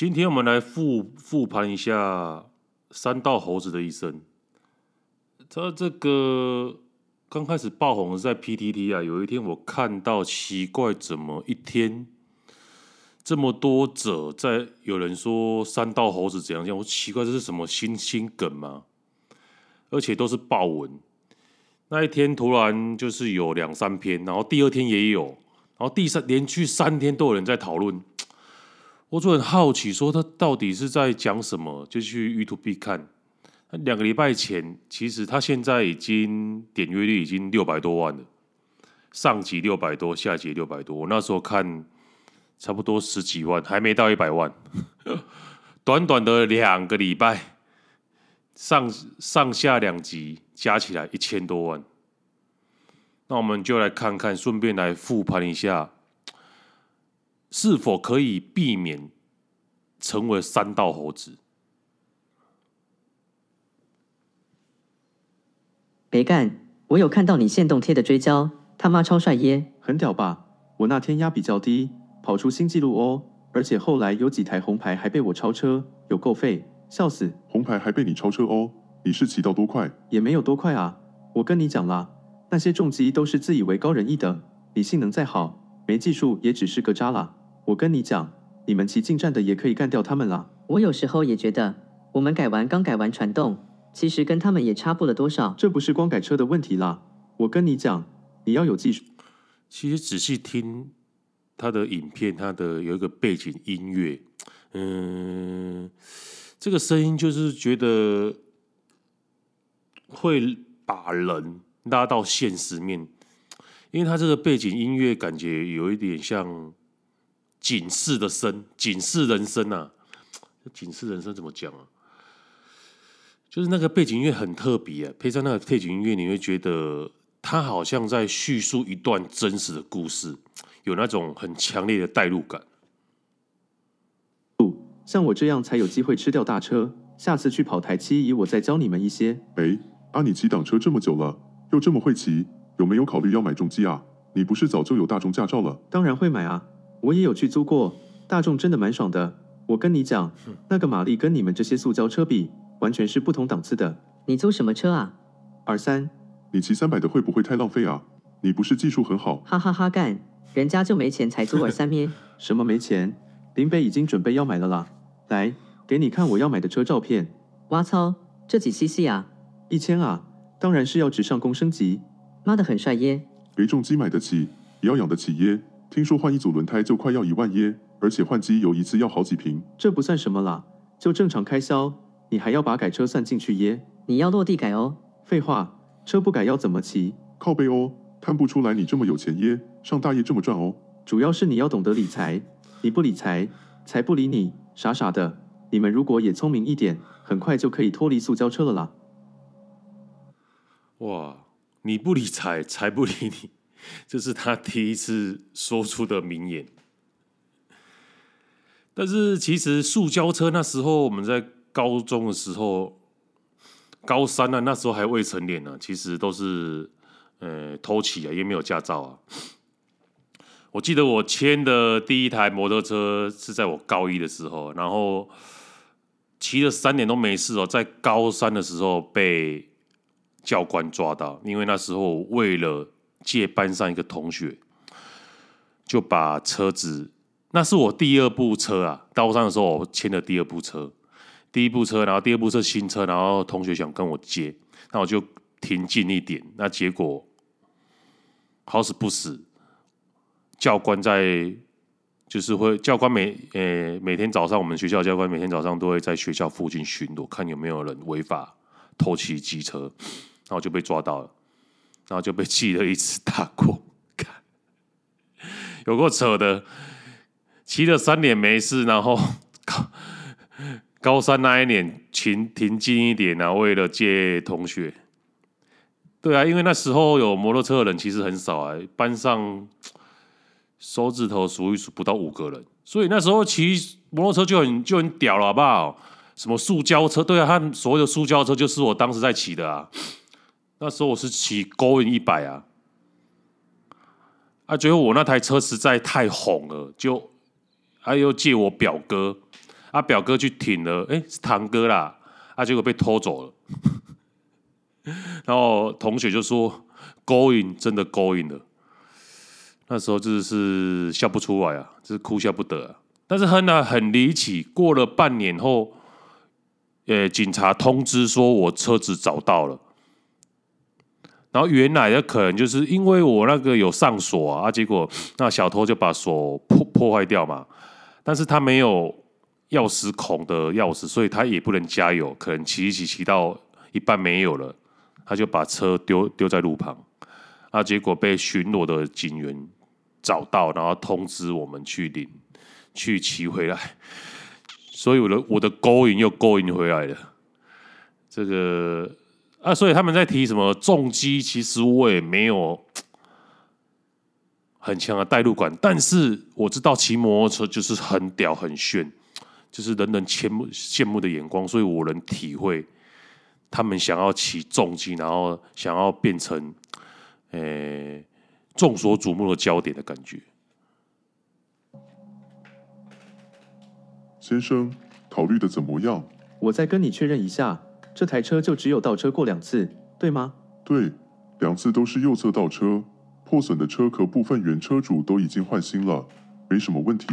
今天我們來複複盤一下山道猴子的一生。他這個剛開始爆紅是在 PTT 啊，有一天我看到奇怪，怎麼一天這麼多者在有人說山道猴子怎樣樣？我奇怪這是什麼新新梗嗎？而且都是爆文。那一天突然就是有兩三篇，然後第二天也有，然後第三，連續三天都有人在討論。我就很好奇，說他到底是在講什麼，就去 YouTube 看。兩個禮拜前，其實他現在已經點閱率已經六百多萬了，上集六百多，下集六百多。我那時候看差不多十幾萬，還沒到一百萬。 短短的兩個禮拜上，上上下兩集加起來一千多萬。那我們就來看看，順便來復盤一下。是否可以避免成為山道猴子？別幹，我有看到你限動貼的追焦，他媽超帥耶，很屌吧？我那天壓比較低，跑出新紀錄哦。而且後來有幾台紅牌還被我超車，有夠廢，笑死！紅牌還被你超車哦？你是騎到多快？也沒有多快啊。我跟你講啦，那些重機都是自以為高人一等，你性能再好，沒技術也只是個渣啦。我跟你講，你們騎勁戰的也可以幹掉他們了。我有時候也覺得，我們改完剛改完傳動，其實跟他們也差不了多少。這不是光改車的問題啦。我跟你講，你要有技術。其實仔細聽他的影片，他的有一個背景音樂，嗯，這個聲音就是覺得會把人拉到現實面，因為他這個背景音樂感覺有一點像。警示的生，警示人生吶，啊！警示人生怎麼講啊？就是那個背景音樂很特別，啊，配上那個背景音樂，你會覺得它好像在敘述一段真實的故事，有那種很強烈的代入感。不像我這樣才有機會吃掉大車，下次去跑台七一，我再教你們一些誒。哎，阿你騎擋車這麼久了，又這麼會騎，有沒有考慮要買重機啊？你不是早就有大重駕照了？當然會買啊！我也有去租過，大眾真的蠻爽的。我跟你講，是那個馬力跟你們這些塑膠車比，完全是不同檔次的。你租什麼車啊？R3，你騎三百的會不會太浪費啊？你不是技術很好？哈哈哈，哈，幹！人家就沒錢才租 R3 咩？ 什麼沒錢？林北已經準備要買了啦。來，給你看我要買的車照片。哇操，這幾 cc 啊？一千啊？當然是要直上公升級。媽的，很帥耶！肥重機買得起，也要養得起耶。聽說換一組輪胎就快要一萬耶，而且換機油一次要好幾瓶。這不算什麼啦，就正常開銷。你還要把改車算進去耶，你要落地改哦。廢話，車不改要怎麼騎？靠背哦。看不出來你這麼有錢耶，上大夜這麼賺哦。主要是你要懂得理財，你不理財，財不理你，傻傻的。你們如果也聰明一點，很快就可以脫離塑膠車了啦。哇，你不理財，財不理你。這是他第一次說出的名言。但是其實塑膠車那時候我們在高中的時候，高三啊，那時候還未成年啊，其實都是呃偷騎啊，因為沒有駕照啊。我記得我牽的第一台摩托車是在我高一的時候，然後騎了三年都沒事哦。在高三的時候被教官抓到，因為那時候為了。借班上一個同學，就把車子，那是我第二部車啊。路上的時候，我牽的第二部車，第一部車，然後第二部車新車，然後同學想跟我借，那我就停近一點，那結果好死不死，教官在就是會教官每呃每天早上，我們學校教官每天早上都會在學校附近巡邏，看有沒有人違法偷騎機車，然後就被抓到了。然後就被記了一次大過，有夠扯的，騎了三年沒事，然後高高三那一年停停近一點後、啊、為了借同學。對啊，因為那時候有摩托車的人其實很少啊，班上手指頭數一數不到五個人，所以那時候騎摩托車就很就很屌了，好不好？什麼塑膠車？對啊，他所謂的塑膠車就是我當時在騎的啊。那時候我是騎 Goin 一百啊，啊，結果我那台車實在太紅了，就，他、啊、又借我表哥，啊，表哥去停了，哎、欸，是堂哥啦，啊，結果被偷走了， 然後同學就說 Goin 真的 Goin 了，那時候就是笑不出來啊，就是哭笑不得，啊。但是很啊很離奇，過了半年後、欸，警察通知說我車子找到了。然後原來的可能就是因為我那個有上鎖啊，啊結果那小偷就把鎖破破壞掉嘛，但是他沒有鑰匙孔的鑰匙，所以他也不能加油，可能騎一騎騎到一半沒有了，他就把車丟丟在路旁啊，結果被巡邏的警員找到，然後通知我們去領去騎回來，所以我的我的勾引又勾引回來了，這個。啊，所以他們在提什麼重機，其實我也沒有很強的代入感。但是我知道騎摩托車就是很屌、很炫，就是人人羨慕羨慕的眼光，所以我能體會他們想要騎重機，然後想要變成誒眾所矚目的焦點的感覺。先生，考慮的怎麼樣？我再跟你確認一下。這台車就只有倒車過兩次，對嗎？對，兩次都是右側倒車，破損的車殼部分原車主都已經換新了，沒什麼問題。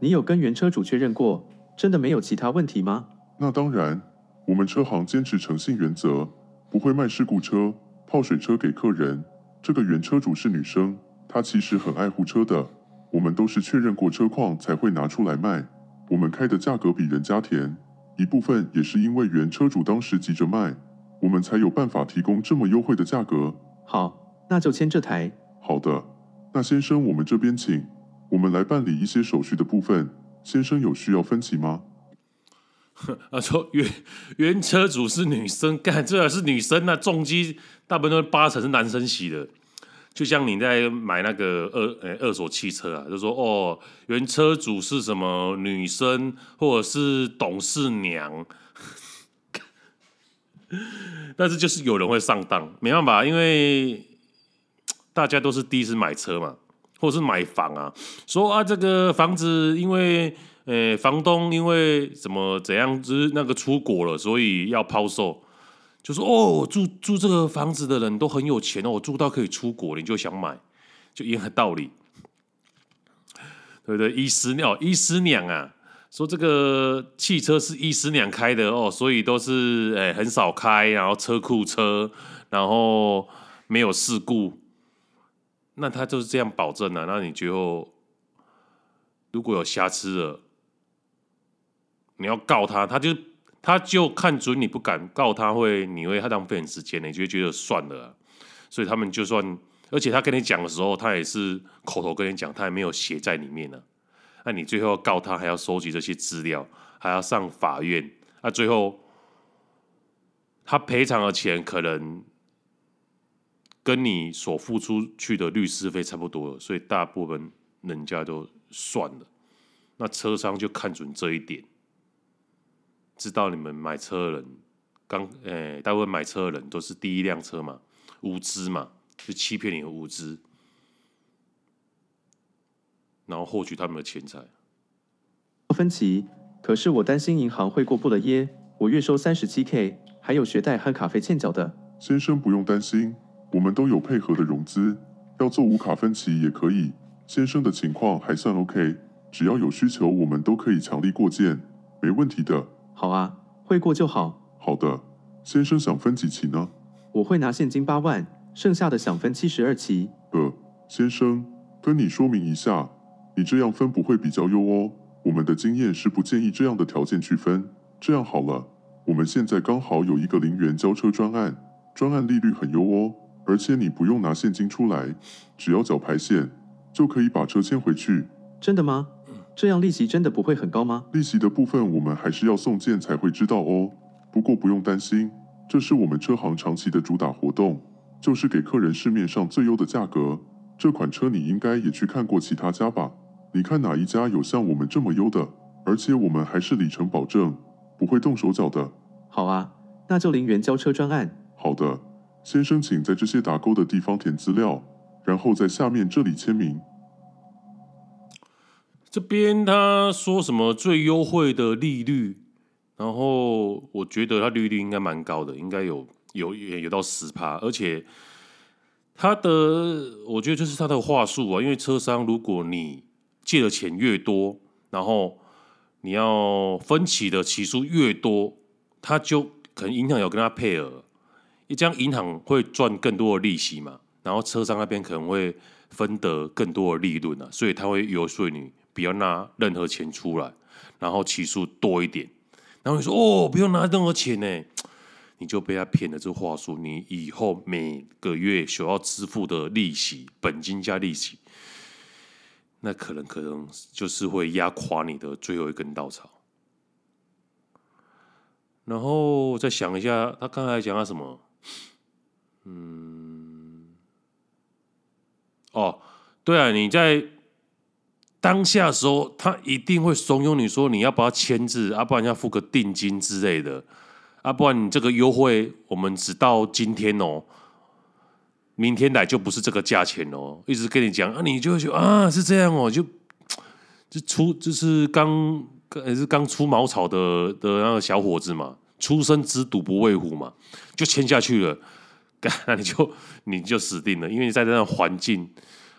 你有跟原車主確認過，真的沒有其他問題嗎？那當然，我們車行堅持誠信原則，不會賣事故車、泡水車給客人。這個原車主是女生，她其實很愛護車的，我們都是確認過車況才會拿出來賣。我們開的價格比人家甜。一部分也是因為原車主當時急着賣，我們才有辦法提供這麼優惠的價格。好，那就簽這台。好的，那先生，我們這邊請，我們來辦理一些手續的部分。先生有需要分期嗎？呵，啊，說原原車主是女生，幹，這還是女生，那重機大部分都八成是男生洗的，就像你在買那個二、欸、二手汽車啊，就說哦，原車主是什麼女生，或者是董事娘， 但是就是有人會上當，沒辦法，因為大家都是第一次買車嘛，或者是買房啊，說啊這個房子因為、欸、房東因為怎麼怎樣、就是、那個出國了，所以要拋售。就說哦，我住住這個房子的人都很有錢哦，我住到可以出國，你就想買，就一樣道理，對不對？醫師娘，哦、醫師娘啊，說這個汽車是醫師娘開的哦，所以都是哎很少開，然後車庫車，然後沒有事故，那他就是這樣保證了，啊，那你最後如果有瑕疵了，你要告他，他就。他就看準你不敢告他，會你會他浪費你時間，你就會覺得算了。所以他們就算，而且他跟你講的時候，他也是口頭跟你講，他也沒有寫在裡面呢。那你最後告他，還要收集這些資料，還要上法院、啊，那最後他賠償的錢可能跟你所付出去的律師費差不多，所以大部分人家都算了。那車商就看準這一點。知道你們買車的人剛誒、哎，大部分買車的人都是第一輛車嘛，無知嘛，就欺騙你的無知，然後獲取他們的錢財。分期，可是我擔心銀行會過不了耶。我月收三十七 K，還有學貸和卡費欠繳的。先生不用擔心，我們都有配合的融資，要做無卡分期也可以。先生的情況還算 OK，只要有需求，我們都可以強力過件，沒問題的。好啊，會過就好。好的，先生想分幾期呢？我會拿現金八萬，剩下的想分七十二期。呃，先生，跟你說明一下，你這樣分不會比較優哦。我們的經驗是不建議這樣的條件去分。這樣好了，我們現在剛好有一個零元交車專案，專案利率很優哦，而且你不用拿現金出來，只要繳牌線就可以把車牽回去。真的嗎？這樣利息真的不會很高嗎？利息的部分我們還是要送件才會知道哦。不過不用擔心，這是我們車行長期的主打活動，就是給客人市面上最優的價格。這款車你應該也去看過其他家吧？你看哪一家有像我們這麼優的？而且我們還是里程保證，不會動手腳的。好啊，那就零元交車專案。好的，先生，請在這些打勾的地方填資料，然後在下面這裡簽名。這邊他說什麼最優惠的利率？然後我覺得他利率應該蠻高的，應該有有也有到十趴。而且他的我覺得就是他的話術啊，因為車商如果你借的錢越多，然後你要分期的期數越多，他就可能銀行有跟他配額，這樣銀行會賺更多的利息嘛，然後車商那邊可能會分得更多的利潤啊，所以他會遊說你。不要拿任何錢出來，然後起訴多一點，然後你說哦，不要拿任何錢呢，你就被他騙了。這話術，你以後每個月需要支付的利息，本金加利息，那可能可能就是會壓垮你的最後一根稻草。然後再想一下，他剛才講了什麼？嗯，哦，對啊，你在。當下的時候，他一定會慫恿你說：“你要不要簽字？啊，不然要付個定金之類的。啊，不然你這個優惠，我們只到今天哦。明天來就不是這個價錢哦。”一直跟你講，啊，你就覺得啊，是這樣哦，就就出就是剛也是剛出茅草的的那個小伙子嘛，初生之犢不畏虎嘛，就簽下去了。那、啊、你就你就死定了，因為你在那個環境。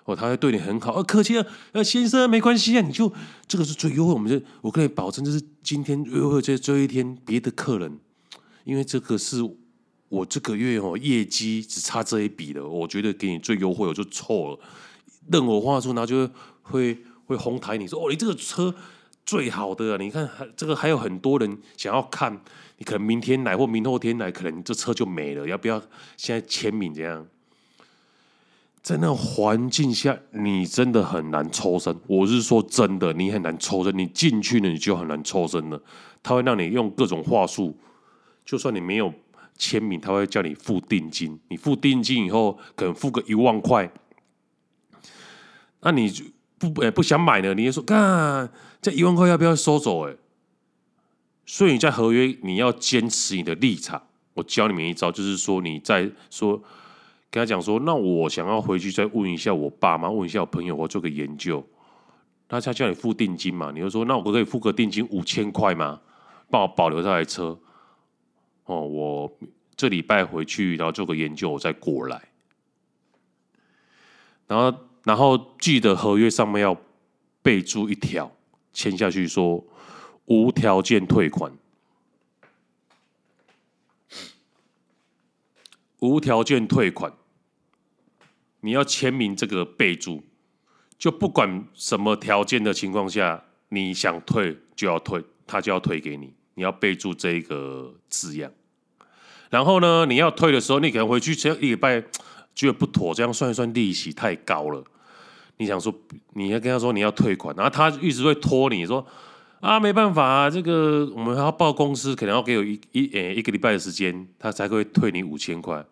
哦，他會對你很好，哦、啊，客氣、啊，呃、啊，先生、啊，沒關係啊，你就這個是最優惠，我們就我可以保證，就是今天優惠在這個、最後一天，別的客人，因為這個是我這個月哦業績只差這一筆了，我覺得給你最優惠，我就錯了。任何話術，然後就會會哄抬你說，說哦，你這個車最好的、啊，你看這個還有很多人想要看，你可能明天來或明後天來，可能這車就沒了，要不要現在簽名？這樣？在那環境下，你真的很難抽身。我是說真的，你很難抽身。你進去了，你就很難抽身了。他會讓你用各種話術，就算你沒有簽名，他會叫你付定金。你付定金以後，可能付個一萬塊，那、啊、你不不、欸、不想買呢？你也說，幹這一萬塊要不要收走、欸？所以你在合約你要堅持你的立場。我教你們一招，就是說你在說。跟他講說，那我想要回去再問一下我爸媽，問一下我朋友，我做個研究。他才叫你付定金嘛？你就說，那我可以付個定金五千塊嗎？幫我保留這台車。哦，我這禮拜回去，然後做個研究，我再過來。然後，然後記得合約上面要備註一條，簽下去說無條件退款，無條件退款。你要簽名這個備注，就不管什麼條件的情況下，你想退就要退，他就要退給你。你要備注這一個字樣，然後呢，你要退的時候，你可能回去只要一禮拜覺得不妥，這樣算一算利息太高了。你想說，你要跟他說你要退款，然後他一直會拖你說啊，沒辦法、啊，這個我們還要報公司，可能要給我一一呃、欸、一個禮拜的時間，他才會退你五千塊。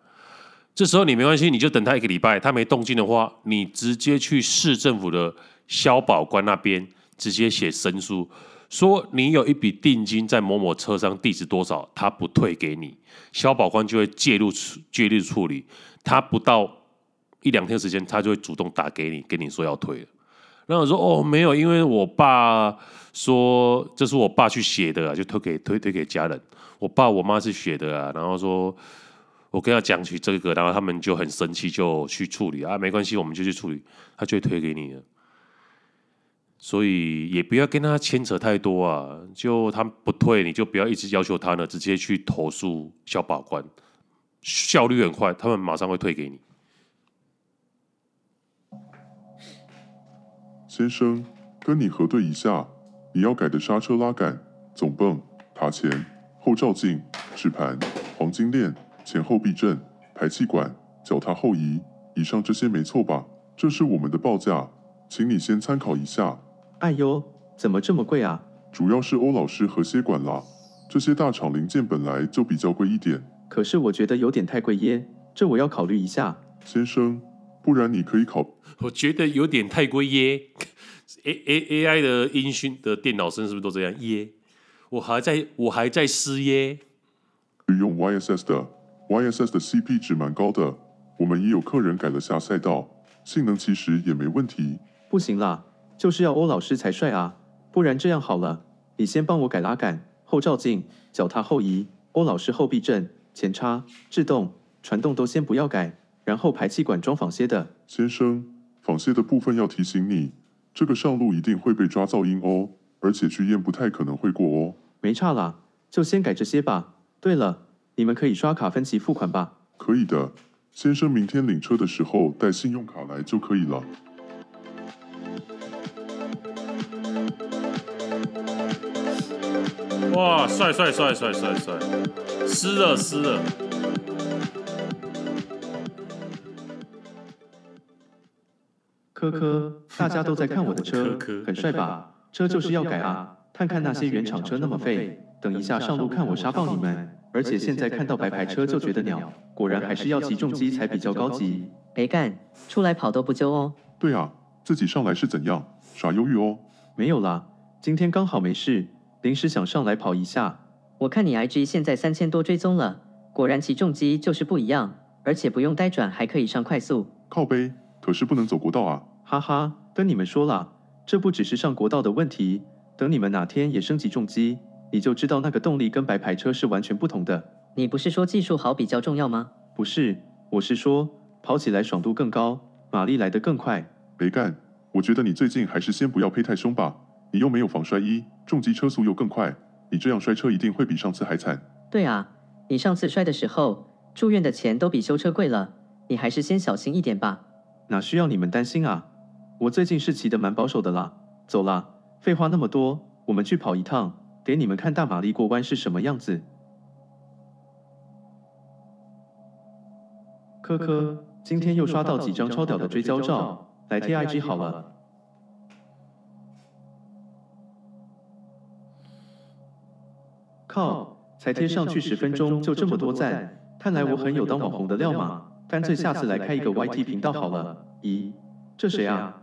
這時候你沒關係，你就等他一個禮拜，他沒動靜的話，你直接去市政府的消保官那邊直接寫申書，說你有一筆定金在某某車上，地址多少，他不退給你，消保官就會介入介入處理，他不到一兩天時間，他就會主動打給你，跟你說要退。然後我說，哦，沒有，因為我爸說這是我爸去寫的，就推給推推給家人，我爸我媽是寫的啊，然後說。我跟他講起這個，然後他們就很生氣，就去處理啊。沒關係，我們就去處理，他就會退給你了。所以也不要跟他牽扯太多啊。就他不退，你就不要一直要求他呢，直接去投訴消保官，效率很快，他們馬上會退給你。先生，跟你核對一下，你要改的剎車拉桿、總泵、塔前、後照鏡、指盤、黃金鏈。前後避震、排氣管、腳踏後移，以上這些沒錯吧？這是我們的報價，請你先參考一下。哎呦，怎麼這麼貴啊？主要是歐老師和吸管啦，這些大廠零件本來就比較貴一點。可是我覺得有點太貴耶，這我要考慮一下，先生。不然你可以考，我覺得有點太貴耶。A A A I 的音訊的電腦聲是不是都這樣耶？我還在我還在失業，可以用 Y S S 的。YSS 的 CP 值蠻高的，我們也有客人改了下賽道，性能其實也沒問題。不行啦，就是要歐老師才帥啊！不然這樣好了，你先幫我改拉桿、後照鏡、腳踏後移、歐老師後避震、前叉、制動、傳動都先不要改，然後排氣管裝仿蠍的。先生，仿蠍的部分要提醒你，這個上路一定會被抓噪音哦，而且去驗不太可能會過哦。沒差啦，就先改這些吧。對了。你們可以刷卡分期付款吧？可以的，先生，明天領車的時候帶信用卡來就可以了。哇，帥帥帥帥帥帥，帥！濕了濕了。科科，大家都在看我的車，呵呵很帥吧？呵呵車就是要改啊！看呵看那些原廠車那麼廢，等一下上路看我殺爆你們！而且現在看到白牌車就覺得鳥，果然還是要騎重機才比較高級。沒幹，出來跑都不揪哦。對啊，自己上來是怎樣？耍憂鬱哦。沒有啦，今天剛好沒事，臨時想上來跑一下。我看你 IG 現在三千多追蹤了，果然騎重機就是不一樣，而且不用待轉還可以上快速。靠背，可是不能走國道啊。哈哈，跟你們說了，這不只是上國道的問題，等你們哪天也升級重機。你就知道那個動力跟白牌車是完全不同的。你不是說技術好比較重要嗎？不是，我是說跑起來爽度更高，馬力來得更快。沒幹，我覺得你最近還是先不要配太凶吧。你又沒有防摔衣，重機車速又更快，你這樣摔車一定會比上次還慘。對啊，你上次摔的時候住院的錢都比修車貴了，你還是先小心一點吧。哪需要你們擔心啊？我最近是騎得蠻保守的啦。走啦，廢話那麼多，我們去跑一趟。給你們看大馬力過彎是什麼樣子。科科，今天又刷到幾張超屌的追焦照，來貼 IG 好了。靠，才貼上去十分鐘就這麼多讚，看來我很有當網紅的料嘛，乾脆下次來開一個 YT 頻道好了。咦，這誰啊？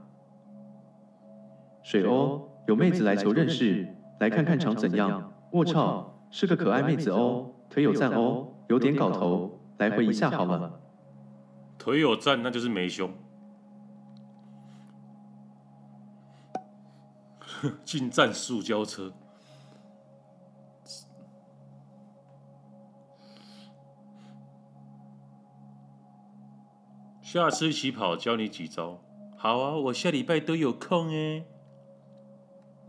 水哦，有妹子來求認識。來看看長怎樣？臥槽，是個可愛妹子哦、喔，腿有讚哦、喔，有點搞頭，來回一下好嗎？腿有讚，那就是沒胸。 近戰塑膠車，下次一起跑，教你幾招。好啊，我下禮拜都有空哎、欸。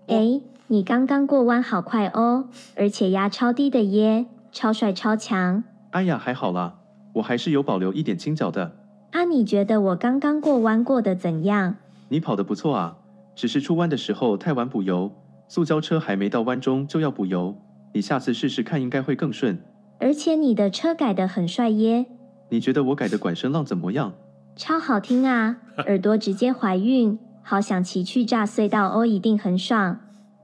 哎，你剛剛過彎好快哦，而且壓超低的耶，超帥超強！哎呀，還好啦，我還是有保留一點傾角的。阿、啊，你覺得我剛剛過彎過得怎樣？你跑得不錯啊，只是出彎的時候太晚補油，塑膠車還沒到彎中就要補油。你下次試試看，應該會更順。而且你的車改得很帥耶。你覺得我改的管聲浪怎麼樣？超好聽啊，耳朵直接懷孕。 好想騎去炸隧道哦，一定很爽。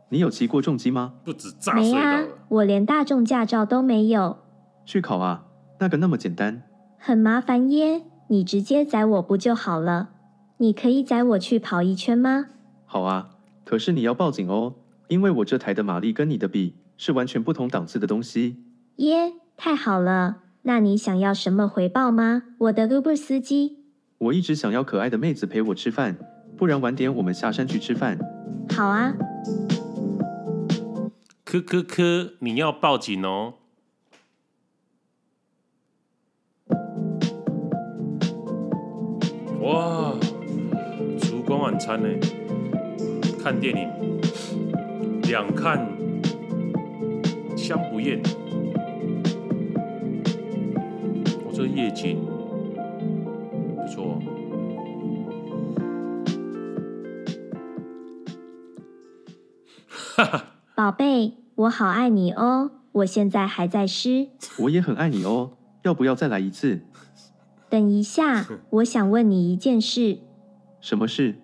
你有騎過重機嗎？不止炸隧道了。沒啊，我連大眾駕照都沒有。去考啊，那個那麼簡單。很麻煩耶，你直接載我不就好了？你可以載我去跑一圈嗎？好啊，可是你要報警哦，因為我這台的馬力跟你的比是完全不同檔次的東西。耶，太好了。那你想要什麼回報嗎？我的 Uber 司機。我一直想要可愛的妹子陪我吃飯。不然晚點我們下山去吃飯。好啊。咳咳咳，你要報警哦！哇，燭光晚餐呢、欸？看電影，兩看香不厭。我說夜景。寶貝，我好愛你哦！我現在還在濕。我也很愛你哦，要不要再來一次？等一下，我想問你一件事。什麼事？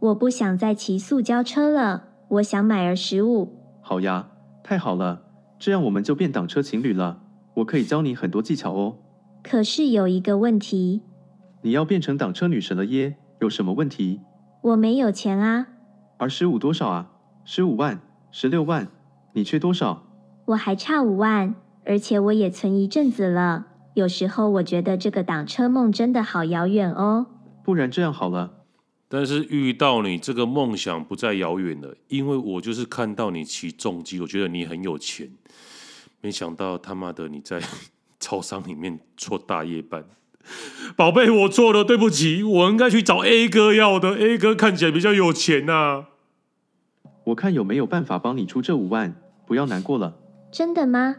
我不想再騎塑膠車了，我想買二十五。好呀，太好了，這樣我們就變擋車情侶了。我可以教你很多技巧哦。可是有一個問題。你要變成擋車女神了耶？有什麼問題？我沒有錢啊。二十五多少啊？十五萬。十六萬，你缺多少？我還差五萬，而且我也存一陣子了。有時候我覺得這個檔車夢真的好遙遠哦。不然這樣好了，但是遇到你，這個夢想不再遙遠了，因為我就是看到你騎重機，我覺得你很有錢。沒想到他媽的你在超商裡面做大夜班。寶貝，我錯了，對不起，我應該去找 A 哥要的。A 哥看起來比較有錢吶、啊。我看有沒有辦法幫你出這五萬，不要難過了。真的嗎？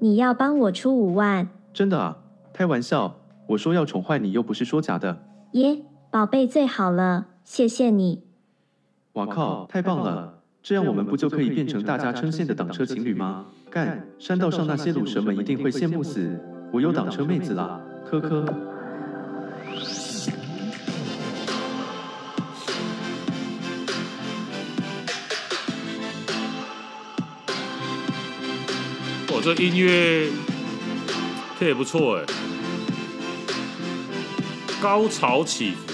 你要幫我出五萬？真的啊，開玩笑，我說要寵壞你，又不是說假的。耶，寶貝最好了，謝謝你。哇靠，太棒了！這樣我們不就可以變成大家稱羨的擋車情侶嗎？幹，山道上那些路神們一定會羨慕死，我有擋車妹子了，呵呵。我這音樂，這也不錯哎，高潮起伏，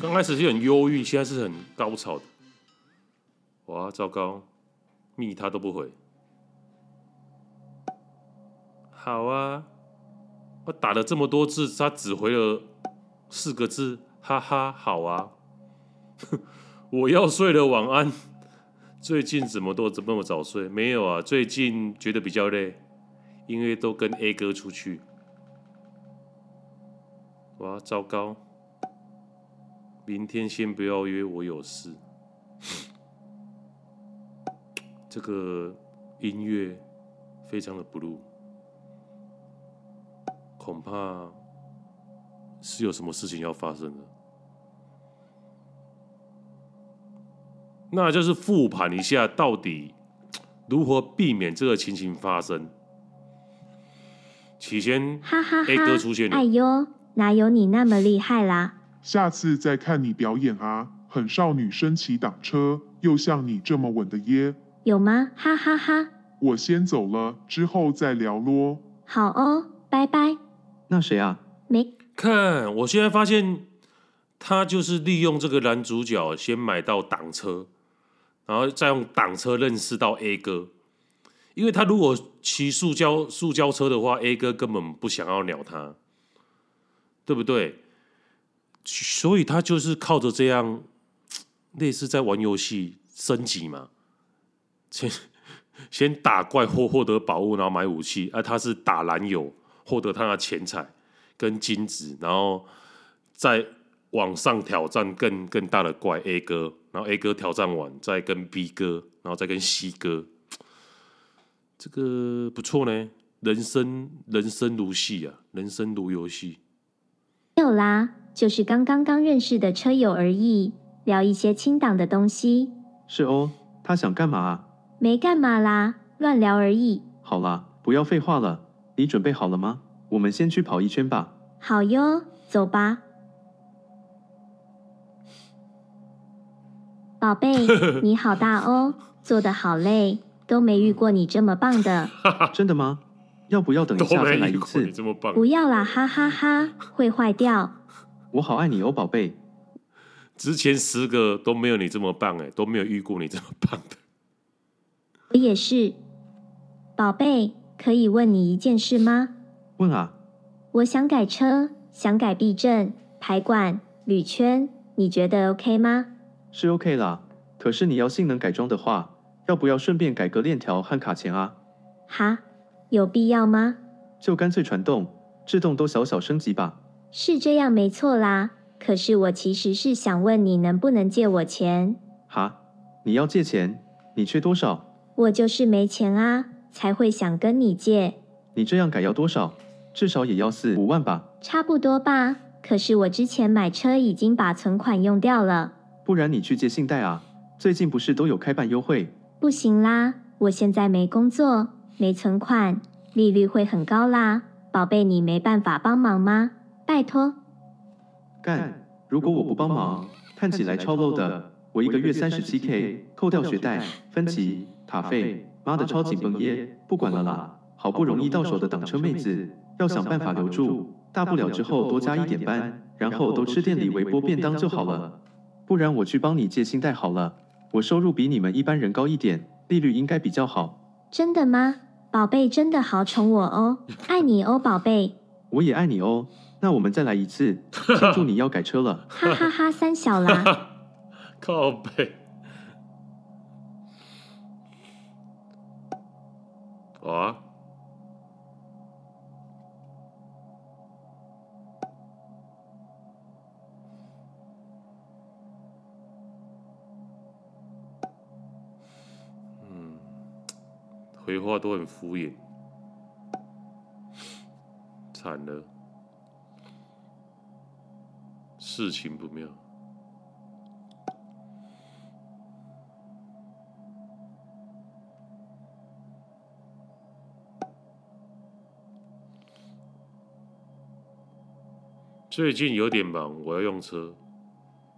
剛開始是很憂鬱，現在是很高潮的。哇，糟糕，密他都不回。好啊，我打了這麼多字，他只回了四個字，哈哈，好啊，我要睡了，晚安。最近怎麼都這麼早睡？沒有啊，最近覺得比較累，因為都跟 A 哥出去。哇，糟糕！明天先不要約，我有事。 這個音樂非常的 blue，恐怕是有什麼事情要發生的。那就是復盤一下，到底如何避免這個情形發生？起先，A 哥出現了，哎呦，哪有你那麼厲害啦？下次再看你表演啊，很少女生騎擋車，又像你這麼穩的耶。有嗎？哈哈哈。我先走了，之後再聊咯。好哦，拜拜。那誰啊？沒看，我現在發現他就是利用這個男主角先買到擋車。然後再用擋車認識到 A 哥，因為他如果騎塑膠塑膠車的話，A 哥根本不想要鳥他，對不對？所以他就是靠着這樣，類似在玩遊戲升級嘛，先先打怪獲獲得寶物，然後買武器，啊。而他是打男友獲得他的錢財跟金子，然後再。往上挑戰更更大的怪 A 哥，然後 A 哥挑戰完再跟 B 哥，然後再跟 C 哥，這個不錯呢。人生人生如戲啊，人生如遊戲。沒有啦，就是剛剛剛認識的車友而已，聊一些清淡的東西。是哦，他想幹嘛啊？沒幹嘛啦，亂聊而已。好啦，不要廢話了，你準備好了嗎？我們先去跑一圈吧。好喲，走吧。寶貝，你好大哦！做得好累，都沒遇過你這麼棒的。 真的嗎？要不要等一下再來一次？你這麼棒。不要啦，哈哈哈哈，會壞掉。我好愛你哦，寶貝。之前十個都沒有你這麼棒誒，都沒有遇過你這麼棒的。我也是，寶貝，可以問你一件事嗎？問啊，我想改車，想改避震、排管、鋁圈，你覺得 OK 嗎？是 OK 啦，可是你要性能改裝的話，要不要順便改個鏈條和卡鉗啊？哈，有必要嗎？就乾脆傳動、制動都小小升級吧。是這樣沒錯啦，可是我其實是想問你能不能借我錢？哈，你要借錢？你缺多少？我就是沒錢啊，才會想跟你借。你這樣改要多少？至少也要四五萬吧？差不多吧，可是我之前買車已經把存款用掉了。不然你去借信貸啊？最近不是都有開辦優惠？不行啦，我現在沒工作，沒存款，利率會很高啦。寶貝，你沒辦法幫忙嗎？拜託。幹！如果我不幫忙，看起來超 low 的。我一個月 37K，扣掉學貸、分期、卡費，媽的超緊繃耶！不管了啦，好不容易到手的擋車妹子，要想辦法留住。大不了之後多加一點班，然後都吃店裡微波便當就好了。不然我去幫你借信貸好了，我收入比你們一般人高一點，利率應該比較好。真的嗎？寶貝，真的好寵我哦，愛你哦，寶貝。我也愛你哦，那我們再來一次，慶祝你要改車了，哈哈哈，三小啦， 靠北，啊。回話都很敷衍，慘了，事情不妙。最近有點忙，我要用車。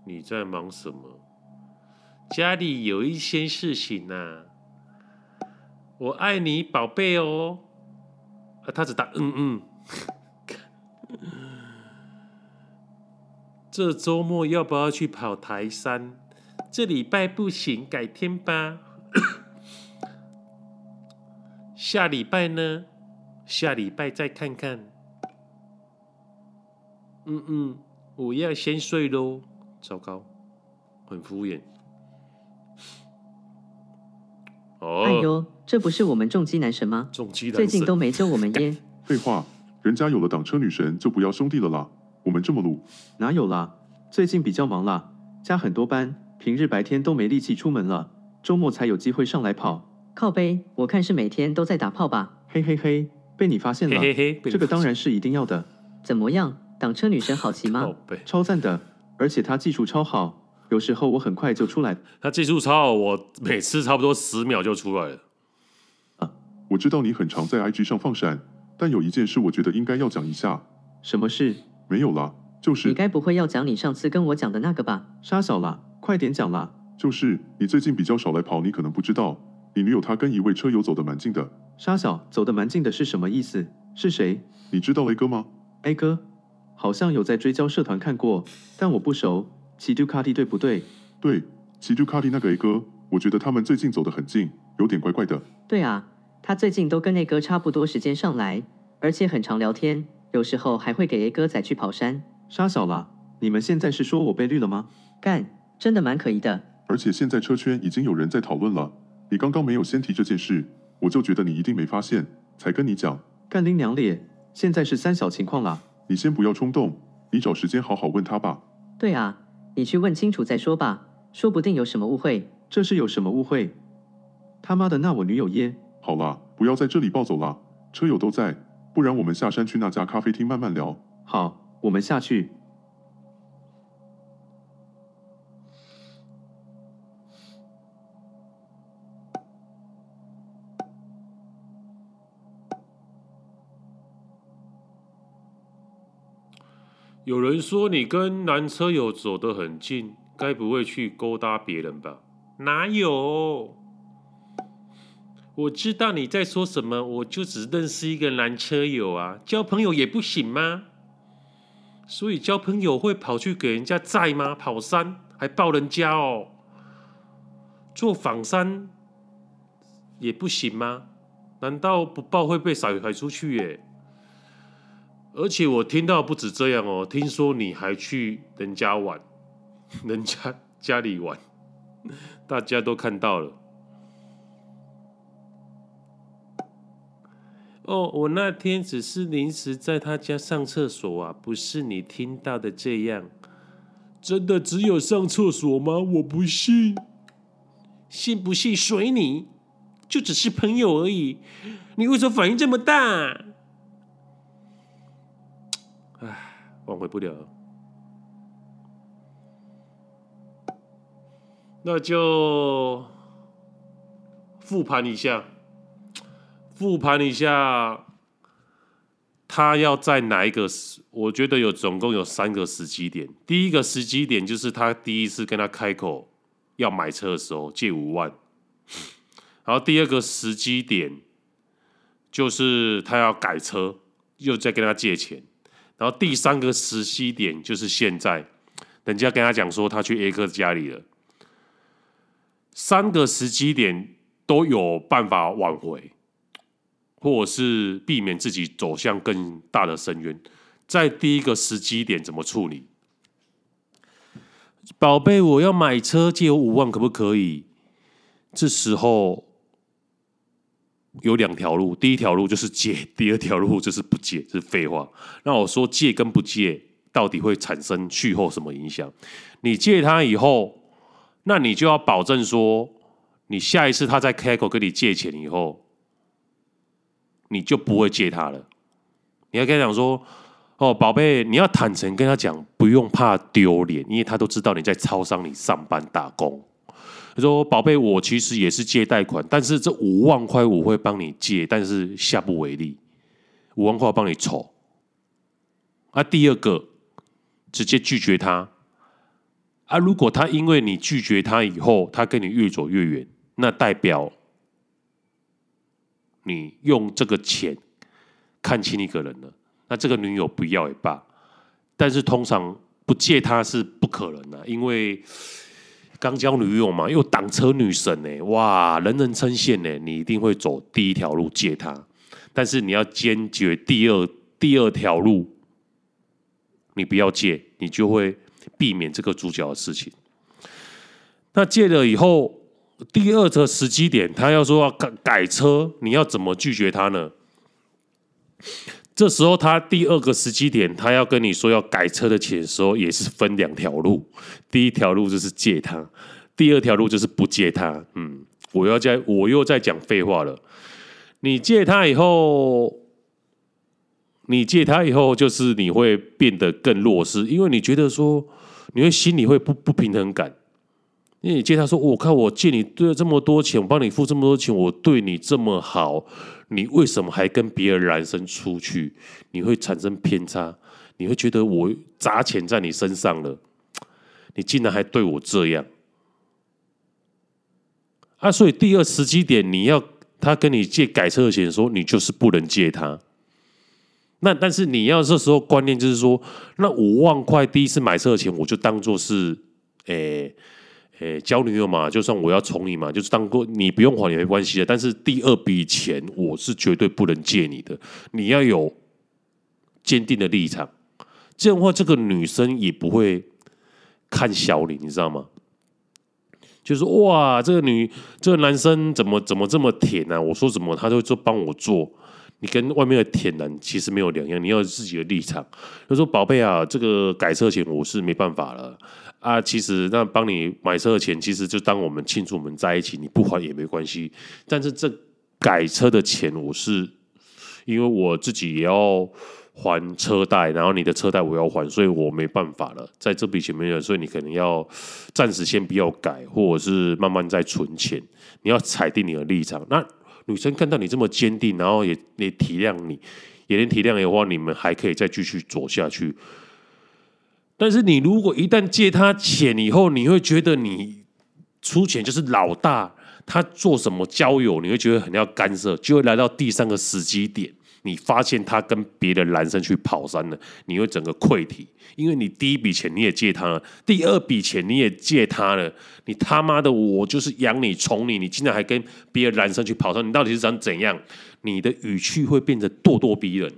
你在忙什麼？家裡有一些事情吶、啊。我愛你寶貝、喔，寶貝哦。他只答嗯嗯。 這週末要不要去跑台山？這禮拜不行，改天吧。 下禮拜呢？下禮拜再看看。嗯嗯，我要先睡嘍。糟糕，很敷衍。Oh, 哎呦，這不是我們重機男神嗎？重機男神，最近都沒揪我們耶。 廢話，人家有了檔車女神就不要兄弟了啦。我們這麼魯，哪有啦？最近比較忙啦，加很多班，平日白天都沒力氣出門了，週末才有機會上來跑。靠杯，我看是每天都在打炮吧？嘿嘿嘿，被你發現了。 這個當然是一定要的。怎麼樣，檔車女神好騎嗎？靠杯。超讚的，而且她技術超好。有時候我很快就出來，他技術超好，我每次差不多十秒就出來了。啊，我知道你很常在 IG 上放閃，但有一件事我覺得應該要講一下。什麼事？沒有啦，就是你該不會要講你上次跟我講的那個吧？殺小啦，快點講啦。就是你最近比較少來跑，你可能不知道，你女友她跟一位車友走得蠻近的。殺小，走得蠻近的是什麼意思？是誰？你知道 A 哥嗎？A 哥，好像有在追焦社團看過，但我不熟。騎杜卡迪對不對？對，騎杜卡迪那個 A 哥，我覺得他們最近走得很近，有點怪怪的。對啊，他最近都跟 A 哥差不多時間上來，而且很常聊天，有時候還會給 A 哥載去跑山。啥小了，你們現在是說我被綠了嗎？干，真的蠻可疑的。而且現在車圈已經有人在討論了，你剛剛沒有先提這件事，我就覺得你一定沒發現，才跟你講。幹拎娘咧，現在是三小情況啦。你先不要衝動，你找時間好好問他吧。對啊。你去問清楚再說吧，說不定有什麼誤會。這是有什麼誤會？他媽的，那我女友耶！好啦，不要在這裡暴走啦，車友都在，不然我們下山去那家咖啡廳慢慢聊。好，我們下去。有人說你跟男車友走得很近，該不會去勾搭別人吧？哪有？我知道你在說什麼，我就只認識一個男車友啊，交朋友也不行嗎？所以交朋友會跑去給人家載嗎？跑山還抱人家哦，做訪山也不行嗎？難道不抱會被甩甩出去耶、欸？而且我聽到不止這樣哦，聽說你還去人家玩，人家家裡玩，大家都看到了。哦，我那天只是臨時在他家上廁所啊，不是你聽到的這樣。真的只有上廁所嗎？我不信，信不信隨你，就只是朋友而已。你為什麼反應這麼大？挽回不了了，那就復盤一下，復盤一下，他要在哪一個時？我覺得有總共有三個時機點。第一個時機點就是他第一次跟他開口要買車的時候，借五萬。然後第二個時機點就是他要改車，又再跟他借錢。然後第三個時機點就是現在，人家跟他講說他去 A 哥家裡了，三個時機點都有辦法挽回，或者是避免自己走向更大的深淵。在第一個時機點怎麼處理？寶貝，我要買車，借我五萬可不可以？這時候。有兩條路，第一條路就是借，第二條路就是不借，這是廢話。那我說借跟不借，到底會產生去後什麼影響？你借他以後，那你就要保證說，你下一次他再開口跟你借錢以後，你就不會借他了。你要跟他講說：“哦，寶貝，你要坦誠跟他講，不用怕丟臉，因為他都知道你在超商裡上班打工。”說，寶貝，我其實也是借貸款，但是這五萬塊我會幫你借，但是下不為例，五萬塊我幫你湊。啊，第二個，直接拒絕他。啊，如果他因為你拒絕他以後，他跟你越走越遠，那代表你用這個錢看清一個人了。那這個女友不要也罷，但是通常不借他是不可能的啊，因為。剛交女友嘛，又擋車女神呢、欸，哇，人人稱羨呢，你一定會走第一條路借她，但是你要堅決第二，第二條路，你不要借，你就會避免這個主角的事情。那借了以後，第二個時機點，他要說要改改車，你要怎麼拒絕他呢？這時候，他第二個時機點，他要跟你說要改車的錢的時候，也是分兩條路。第一條路就是借他，第二條路就是不借他。嗯，我要再，我又在講廢話了。你借他以後，你借他以後，就是你會變得更弱勢，因為你覺得說，你會心裡會不不平衡感。因為你借他說，我看我借你對這麼多錢，我幫你付這麼多錢，我對你這麼好，你為什麼還跟別的男生出去？你會產生偏差，你會覺得我砸錢在你身上了，你竟然還對我這樣。啊，所以第二時機點，你要他跟你借改車的錢的時候，你就是不能借他。那但是你要這時候觀念就是說，那五萬塊第一次買車的錢，我就當做是誒、欸。誒、欸，交女友嘛，就算我要寵你嘛，就是當過你不用還也沒關係的。但是第二筆錢我是絕對不能借你的，你要有堅定的立場。這樣的話，這個女生也不會看小你，你知道嗎？就是哇，這個女這個男生怎麼怎麼這麼舔啊？我說什麼，他就會做幫我做。你跟外面的舔男其實沒有兩樣，你要有自己的立場。他說寶貝啊，這個改車錢我是沒辦法了。啊，其實那幫你買車的錢，其實就當我們慶祝我們在一起，你不還也沒關係。但是這改車的錢，我是因為我自己也要還車貸，然後你的車貸我要還，所以我沒辦法了。在這筆錢面前沒有，所以你可能要暫時先不要改，或者是慢慢再存錢。你要踩定你的立場。那女生看到你這麼堅定，然後也也體諒你，也能體諒的話，你們還可以再繼續走下去。但是你如果一旦借他錢以後，你會覺得你出錢就是老大，他做什麼交友，你會覺得很要干涉，就會來到第三個時機點，你發現他跟別的男生去跑山了，你會整個潰堤，因為你第一筆錢你也借他了，第二筆錢你也借他了，你他媽的我就是養你寵你，你竟然還跟別的男生去跑山，你到底是想怎樣？你的語氣會變得咄咄逼人。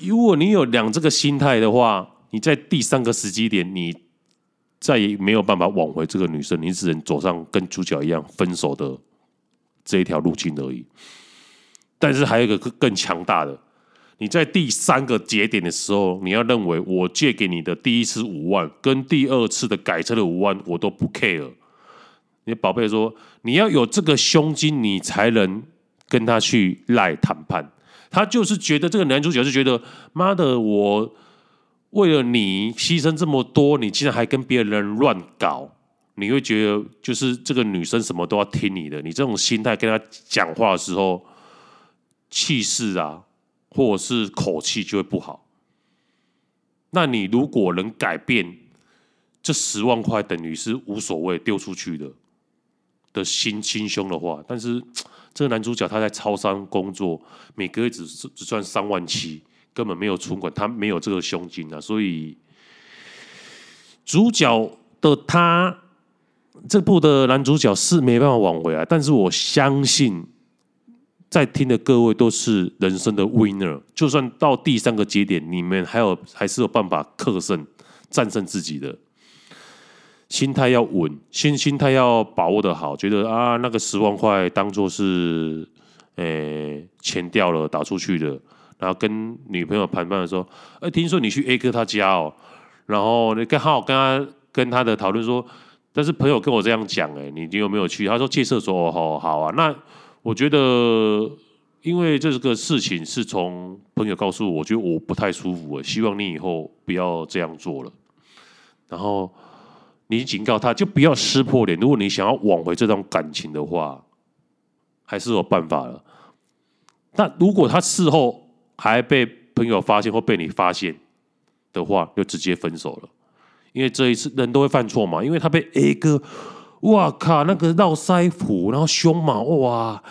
如果你有兩這個心態的話，你在第三個時機點，你再也沒有辦法挽回這個女生，你只能走上跟主角一樣分手的這一條路徑而已。但是還有一個更強大的，你在第三個節點的時候，你要認為我借給你的第一次五萬，跟第二次的改車的五萬，我都不 care。你寶貝說，你要有這個胸襟，你才能跟他去賴談判。他就是覺得這個男主角是覺得，媽的，我為了你犧牲這麼多，你竟然還跟別人亂搞，你會覺得就是這個女生什麼都要聽你的，你這種心態跟她講話的時候，氣勢啊，或者是口氣就會不好。那你如果能改變，這十萬塊等於是無所謂丟出去的的心心胸的話，但是。這個男主角他在超商工作，每個月只只賺三萬七，根本沒有存款，他沒有這個胸襟啊，所以，主角的他這部的男主角是沒辦法挽回啊。但是我相信，在聽的各位都是人生的 winner，就算到第三個節點，你們還有還是有辦法克勝、戰勝自己的。心態要穩，心心態要把握得好。覺得啊，那個十萬塊當做是，誒、欸、錢掉了打出去的。然後跟女朋友談判的時候，哎、欸，聽說你去 A 哥他家哦、喔，然後你剛好，好跟他跟他的討論說，但是朋友跟我這樣講、欸，你你有沒有去？他說借廁所哦，好啊。那我覺得，因為這個事情是從朋友告訴我，我覺得我不太舒服、欸，希望你以後不要這樣做了。然後。你警告他，就不要撕破臉。如果你想要挽回這段感情的話，還是有辦法了。那如果他事後還被朋友發現或被你發現的話，就直接分手了。因為這一次人都會犯錯嘛。因為他被 A 哥，哇靠，那個落腮鬍，然後凶嘛，哇，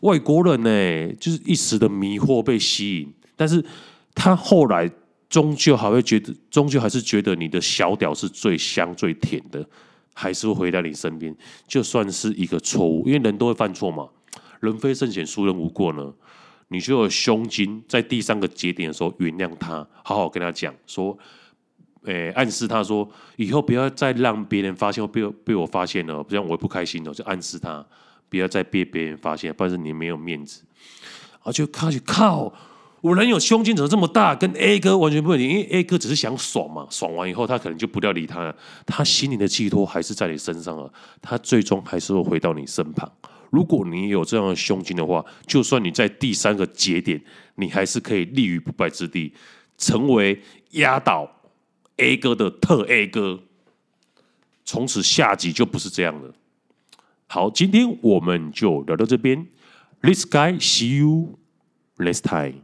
外國人呢、欸，就是一時的迷惑被吸引，但是他後來。終究還會覺得，終究還是覺得你的小屌是最香最甜的，還是會回到你身邊。就算是一個錯誤，因為人都會犯錯嘛，人非聖賢，孰人無過呢？你就有胸襟，在第三個節點的時候原諒他，好好跟他講說，誒、呃，暗示他說，以後不要再讓別人發現，被被我發現了，不然我不開心了，就暗示他，不要再被別人發現，不然是你沒有面子。然、啊、後就開始靠。靠我能有胸襟怎麼這麼大？跟 A 哥完全不一樣，因為 A 哥只是想爽嘛，爽完以後他可能就不要理他了。他心靈的寄託還是在你身上了，他最終還是會回到你身旁。如果你有這樣的胸襟的話，就算你在第三個節點，你還是可以立於不敗之地，成為壓倒 A 哥的特 A 哥。從此下集就不是這樣了。好，今天我們就聊到這邊。This guy, see you next time.